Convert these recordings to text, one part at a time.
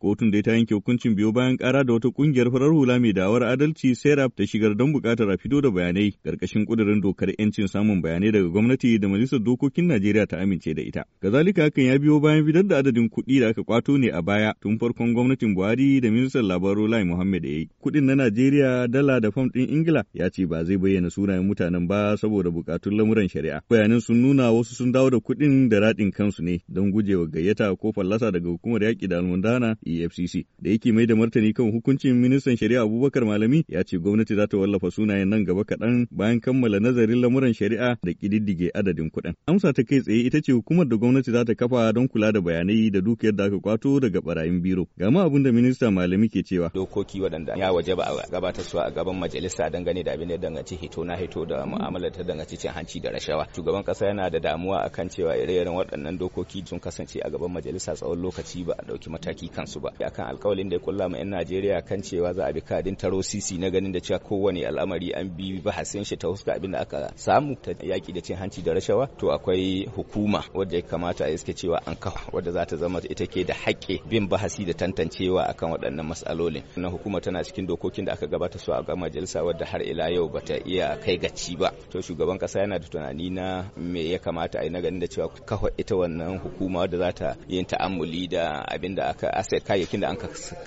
Kotun dai ta yanke hukuncin biyo bayan kara da wata kungiyar farar hula mai dawar adalci serap ta shigar don bukatar a fito da bayanai karkashin kudirin dokar yancin samun bayanai daga gwamnati da majalisar dokokin Najeriya ta amince da ita. Kazalika hakan ya biyo bayan fitar da adadin kuɗi da aka kwato ne a baya tun farkon gwamnatin Buhari da ministan labaru Lai Muhammad ya yi. Kuɗin na Najeriya dala da fam ɗin Ingila ya ce ba zai bayyana sunayen mutanen ba saboda bukatun lamuran shari'a. Bayanan sun nuna wasu sun dawo da kuɗin da raɗin kansu ne don gujewa gayyata ko fallasa daga hukumar yaƙi da almundana EFCC da yake mai da martani kan hukuncin ministan shari'a Abubakar Malami ya ce gwamnati za ta wallafa sunayen nan gaba kaɗan bayan kammala nazarin lamuran shari'a da ƙididdige adadin kuɗin. Amsa ta kai tsaye ita ce hukumar da gwamnati za ta kafa don kula da bayanai da dukiyar da aka kwato daga barayin biro. Ga ma abin da minista Malami ke cewa. Dokoki waɗanda ya waje ba a gabatar su a gaban majalisa dangane da abin da dangaci hito na hito da mu'amalar ta danganci cin hanci da rashawa. Shugaban ƙasa yana da damuwa akan cewa ire-iren waɗannan dokoki sun kasance a gaban majalisa tsawon lokaci ba a ɗauki mataki kansu mutu ba akan alkawalin da ya kulla ma 'yan Najeriya kan cewa za a bi kadin taro sisi na ganin da cewa kowane al'amari an bi bahasin shi ta huska abin da aka samu ta yaki da cin hanci da rashawa to akwai hukuma wadda ya kamata a iske cewa an kawo wadda za ta zama ita ke da haƙƙi bin bahasi da tantancewa akan waɗannan matsalolin na hukuma tana cikin dokokin da aka gabata su a ga majalisa wadda har ila yau ba ta iya kai gaci ba to shugaban kasa yana da tunani na me ya kamata a yi na ganin da cewa kafa ita wannan hukuma wadda za ta yin ta'ammuli da abin da aka asset kayayyakin da an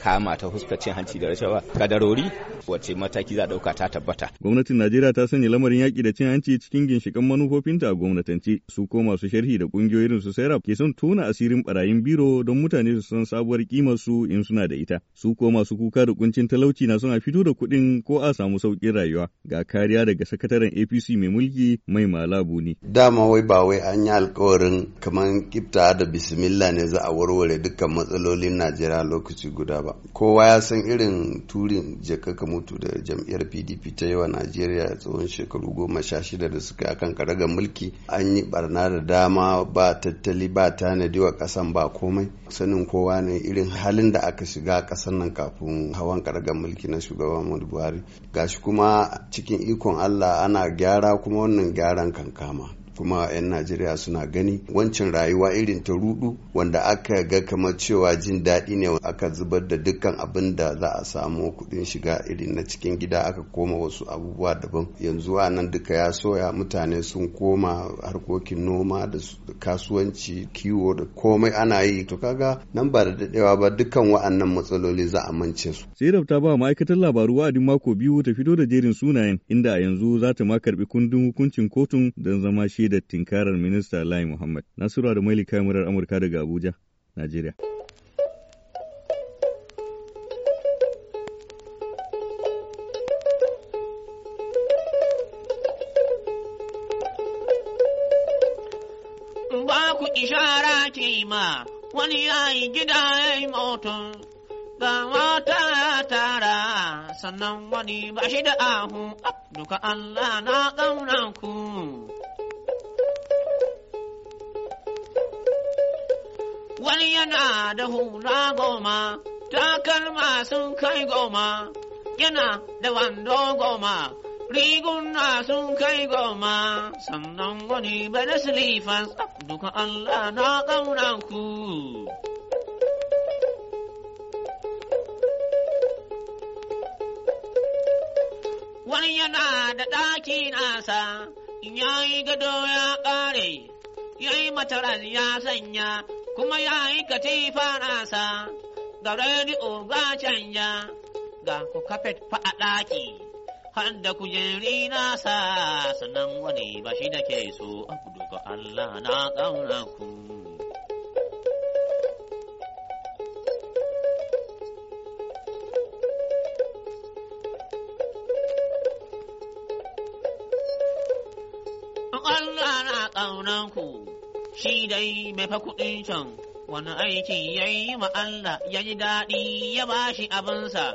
kama ta huskar cin hanci da rashawa kadarori wace mataki za dauka ta tabbata. Gwamnatin Najeriya ta sanya lamarin yaƙi da cin hanci cikin ginshikan manufofinta a gwamnatance su ko masu sharhi da kungiyoyin su Serap ke son tona asirin barayin biro don mutane su san sabuwar kimar su in suna da ita. Su ko masu kuka da kuncin talauci na suna fito da kuɗin ko a samu sauƙin rayuwa ga kariya daga sakataren APC mai mulki mai malabu ne. Dama wai ba wai an yi alkawarin kamar kifta da bismillah ne za a warware dukkan matsalolin Najeriya. takara lokaci guda ba kowa ya san irin turin jakaka mutu da jam'iyyar pdp ta yi wa najeriya tsohon shekaru goma sha shida da suka akan karagar mulki an yi barna da dama ba tattali ba tanadi wa kasan ba komai sanin kowa ne irin halin da aka shiga kasan nan kafin hawan karagar mulki na shugaban muhammadu buhari gashi kuma cikin ikon allah ana gyara kuma wannan gyaran kankama kuma 'yan najeriya suna gani wancan rayuwa irin ta rudu wanda aka ga kamar cewa jin daɗi ne aka zubar da dukkan abin da za a samu kuɗin shiga irin na cikin gida aka koma wasu abubuwa daban yanzu a nan duka ya soya mutane sun koma harkokin noma da kasuwanci kiwo da komai ana yi to kaga nan ba da daɗewa ba dukkan wa'annan matsaloli za a mance su. sai ta ba ma'aikatar labaru wa'adin mako biyu ta fito da jerin sunayen inda a yanzu za ta ma karbi kundin hukuncin kotun don zama shi ciki da tinkarar minista Lai Muhammad. Nasura da Maili kamarar Amurka daga Abuja, Najeriya. Ba ku ishara ce ma wani yayi gida ya yi moton, ga mata ya tara sannan wani ba shi da ahu, duka Allah na ƙaunar ku. wani yana da hula goma, takalma sun kai goma, yana da wando goma, riguna sun kai goma, sannan wani bada silifas, duka Allah na ƙauna ku. Wani yana da ɗaki nasa, ya yi gado ya ƙare, ya yi mataras ya sanya, kuma ya yi katifa sa, ga rediyo ga canja ga ku kafet fa a ɗaki har da kujeri nasa sannan wani ba shi da ke so a ga Allah na ƙauna ku. Allah na ƙaunanku. ku. shi dai bai fa kuɗin can wani aiki ya yi ma Allah ya ji daɗi ya ba shi abinsa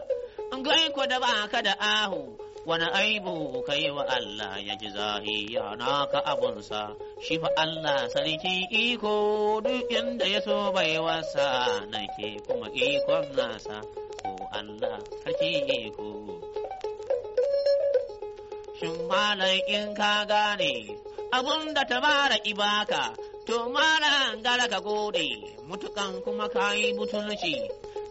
gai ku da ba ka da ahu wani aibu ka yi wa Allah ya ji na naka abunsa shi fa Allah sarki iko duk inda ya so bai wasa nake kuma ikon nasa ko Allah sarki iko shin malai in ka gane abun da ta bara ibaka To maran gara ka gode, mutukan kuma ka yi butulci,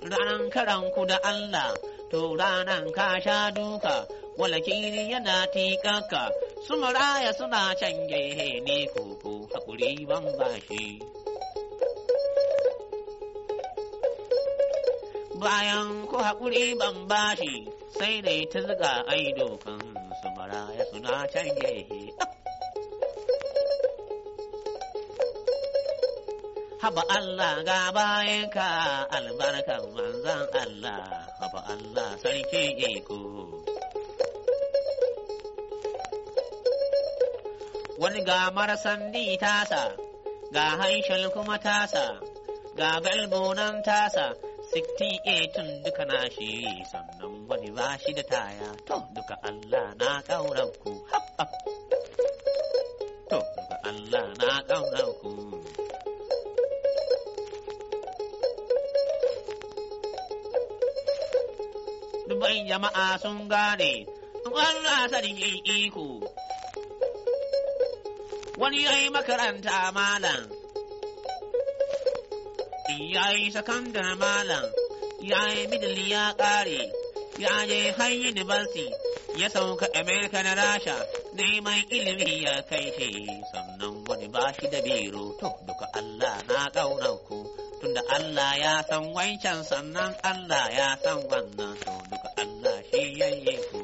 ranan karan ku da Allah, to ranan ka sha duka, wala kiri yana tikaka, su maraya suna can gehe ne koko hakuri ban bashi. Bayan ku hakuri ban bashi, sai dai ta zuga ai dokan su maraya suna can gehe. haba Allah ga bayanka albarkan manzan Allah haba Allah sarki iko wani ga marasan ni tasa ga hanshal kuma tasa ga galbonan tasa 68 duka na shi sannan wani ba shi da taya to duka Allah na ƙaunar ku to duka Allah na ƙaunar ku dubban jama'a sun gane, Allah sarki iko. Wani ya yi makaranta malam, ya yi sakandar malam, ya yi middle ya ƙare, ya je hanyar university, ya sauka Amerika na Rasha, neman ilimi ya kai shi, sannan wani ba shi da biro, to duka Allah na ƙaunar ku. tunda Allah ya san wancan sannan Allah ya san wannan to 一烟一火